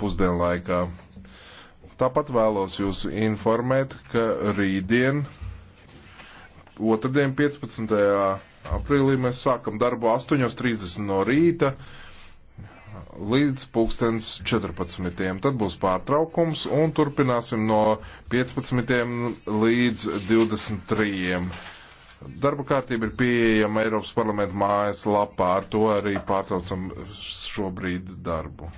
pusdienlaikā. Tāpat vēlos jūs informēt, ka rītdien, otrdien, 15. aprīlī, mēs sākam darbu 8.30 no rīta līdz pulkstens 14. Tad būs pārtraukums un turpināsim no 15. līdz 23. Darba kārtība ir pieejama Eiropas parlamenta mājas lapā, ar to arī pārtraucam šobrīd darbu.